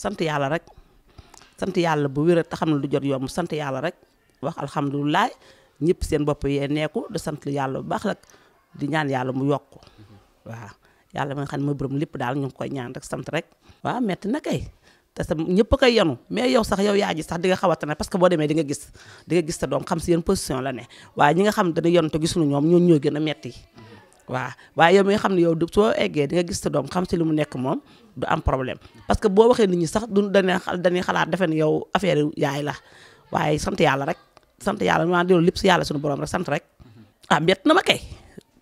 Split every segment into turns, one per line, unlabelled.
sant yàlla rek sant yàlla bu wér te xam ne lu jot yomb sant yàlla rek wax alhamdulilah ñëpp seen bopp yee nekku da sant yàlla bu baax rek di ñaan yàlla mu yokk mhm. waaw yàlla ma nga xam ne ma bërëm lépp daal ñu ngi koy ñaan rek sant rek waaw metti na kay te sa ñëpp koy yenu mais yow sax yow yaa ji sax di nga xaw a tane parce que boo demee di nga gis di nga gis sa doom xam si yéen position la ne waaye ñi nga xam dañu yanu te gisuñu ñoom ñoo gën a metti waaw waaye yow mi xam ne yow du soo eggee di nga gis sa doom xam si li mu nekk moom du am problème parce que boo waxee nit ñi sax du dañuy dañuy xalaat defe ne yow affaire yaay la waaye sant yàlla rek sant yàlla maanaam loolu lépp si yàlla suñu borom rek sant rek. ah bett na ma kay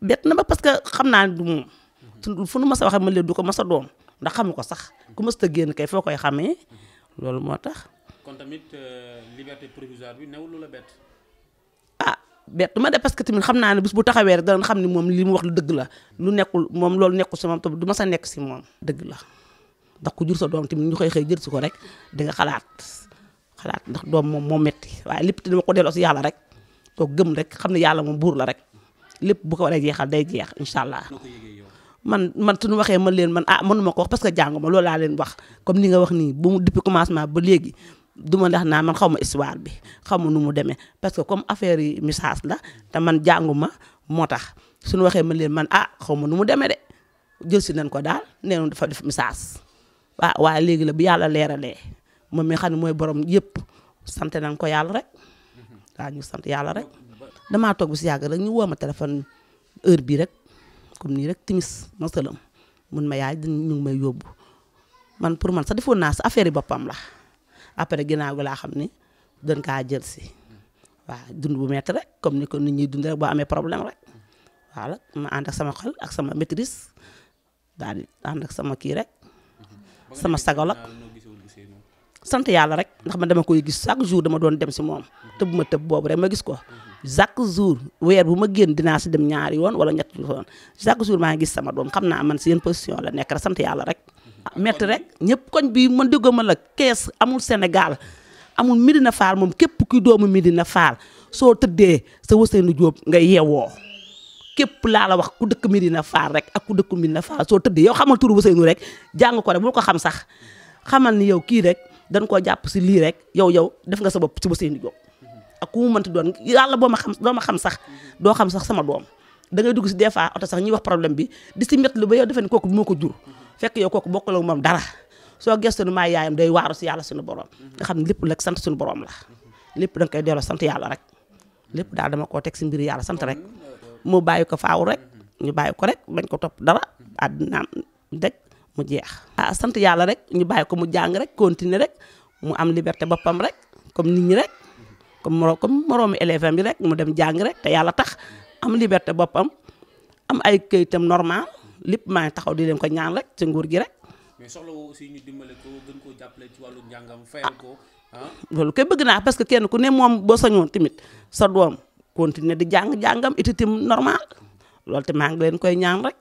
bett na ma parce que xam naa ne du moom fu nu ma sa waxee man leen du ko ma sa doom. ndax xamu ko sax ku mës ta génn kay foo koy xamee loolu moo tax. kon tamit euh, liberté provisoire bi newul lu la bett. ah parce que tamit xam naa ne bis bu taxawee rek danañ xam ni moom li mu wax lu dëgg la lu nekkul moom loolu nekkul si moom tamit du sa nekk si moom. dëgg la ndax ku jur sa doom tamit ñu xëy xëy jël si ko rek di xalaat. xalaat ndax doom moom moo metti waaye lépp dama ko delloo si yàlla rek toog gëm rek xam ne yàlla moom buur la rek lépp bu ko waree jeexal day jeex incha man man suñu waxee man leen man ah manuma ko wax parce que jànguma loolu laa leen wax comme ni nga wax nii bu mu depuis commencement ba léegi du ma ndax naa man xaw ma histoire bi xaw ma nu mu demee parce que comme affaire yi message la te man jàngu ma moo tax suñu waxee ma leen man ah xaw ma nu mu demee de jël si nañ ko daal nee dafa def message waaw waaye léegi la bu yàlla leeralee moom mi xam ne mooy borom yëpp sante nañ ko yàlla rek mhm. waaw ñu sant yàlla rek damaa toog si yàgg rek ñu ma téléphone heure bii rek comme nii rek timis masalam mun ma yaay dañ ñu may yóbbu man pour man sax defoon naa sa affaire yi boppam la après ginnaaw gi laa xam ni dañ kaa jël si waaw dund bu métti rek comme ni ko nit ñuy dund rek boo amee problème rek waaw ma ànd sama xol ak sama maîtrise daal di ànd ak sama kii rek sama sagal ak sant yàlla rek ndax ma dama koy gis chaque jour dama doon dem si moom mm-hmm. tëb ma tëb boobu rek ma gis ko mm-hmm. chaque jour weer bu ma génn dinaa si dem ñaari yoon wala ñetti yoon chaque jour maa ngi sama doom xam na man si yenn position la nekk rek sant yàlla rek. Ah, metti rek ñëpp koñ bi man déggoo ma la kees amul Sénégal amul Médina Fall moom képp kuy doomu Médina Fall soo tëddee sa Ousseynou Diop nga yeewoo. képp laa la wax ku dëkk na Fall rek ak ku dëkk Médina Fall soo tëddee yow xamal turu Ousseynou rek jàng ko rek bul ko xam sax xamal ni yow kii rek dañ koo jàpp si lii rek yow yow def nga sa bopp si Ousseynou Diop. ak ku mu mënti doon yàlla boo ma xam doo ma xam sax doo xam sax sama doom da ngay dugg si des fois oto sax ñuy wax problème bi di si métti lu ba yow defe ne kooku moo ko jur fekk yow kooku bokkaloo moom dara soo gestu nu maa yaayam day waaru si yàlla suñu borom nga xam ne lépp nag sant suñu borom la lépp da koy delloo sant yàlla rek lépp daal dama koo teg si mbir yàlla sant rek mu bàyyi ko faaw rek ñu bàyyi ko rek bañ ko topp dara àddinaam deg mu jeex ah sant yàlla rek ñu bàyyi ko mu jàng rek continuer rek mu am liberté boppam rek comme nit ñi comme moro comme moroomi élève bi rek mu dem jàng rek te yàlla tax am liberté boppam am ay këyitam normal lépp maa ngi taxaw di leen ko ñaan rek ci nguur gi rek. mais soxla aussi ñu dimbale ko ci wàllu njàngam fayal ko ah. loolu kay bëgg naa parce que kenn ku ne moom boo sañoon tamit sa doom continuer di jàng jàngam it normal loolu te maa ngi leen koy ñaan rek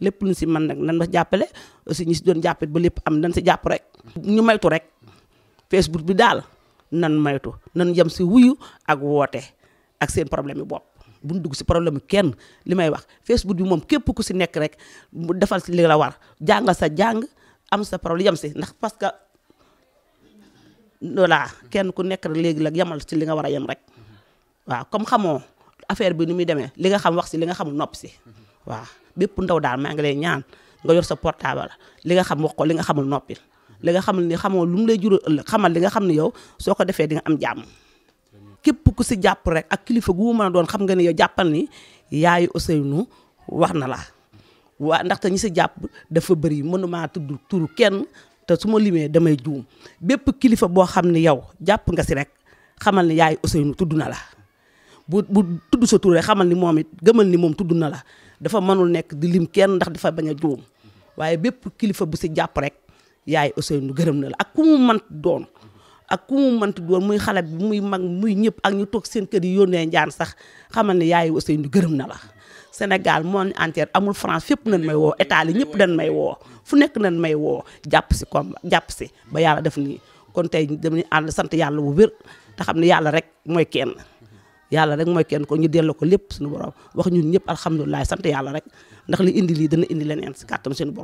lépp luñ si man nag nan ma jàppale aussi ñu si doon jàppale ba lépp am nan si jàpp rek. ñu maytu rek Facebook bi daal. nan maytu nan yem si wuyu ak woote ak seen problème yi bopp bu ñu dugg si problème bi kenn li may wax Facebook bi moom képp ku si nekk rek defal si li la war jàngal sa jàng am sa problème yem si ndax parce que voilà kenn ku nekk rek léegi la yemal si li nga war a yem rek waaw comme xamoo affaire bi ni muy demee li nga xam wax si li nga xamul nopp si waaw bépp ndaw daal maa ngi lay ñaan nga yor sa portable li nga xam wax ko li nga xamul noppil li nga xamal ni xamoo lu mu lay jural ëllëg xamal li nga xam ne yow soo ko defee di nga am jàmm képp ku si jàpp rek ak kilifa gu mu mën a doon xam nga ne yow jàppal ni yaayu Ousseynou wax na la waa ndaxte ñi si jàpp dafa bëri mënumaa tudd turu kenn te su ma limee damay juum bépp kilifa boo xam ne yow jàpp nga si rek xamal ni yaayu Ousseynou tudd na la bu bu tudd sa tur rek xamal ni moom it gëmal ni moom tudd na la dafa mënul nekk di lim kenn ndax dafa bañ a juum waaye bépp kilifa bu si jàpp rek yaay Ousseynou gërëm na la ak ku mu mënt doon ak ku mu mënt muy xale bi muy mag muy ñëpp ak ñu toog seen kër yi yónnee njaan sax xamal ne yaay Ousseynou gërëm na la Sénégal monde entier amul France fépp nañ may woo état li ñëpp dañ may woo fu nekk nañ may woo jàpp si comme jàpp si ba yàlla def nii kon tey dañuy ànd sant yàlla bu wér te xam ne yàlla rek mooy kenn yàlla rek mooy kenn ko ñu delloo ko lépp suñu borom wax ñun ñëpp alhamdulilah sant yàlla rek ndax li indi lii dana indi leneen si kàttam suñu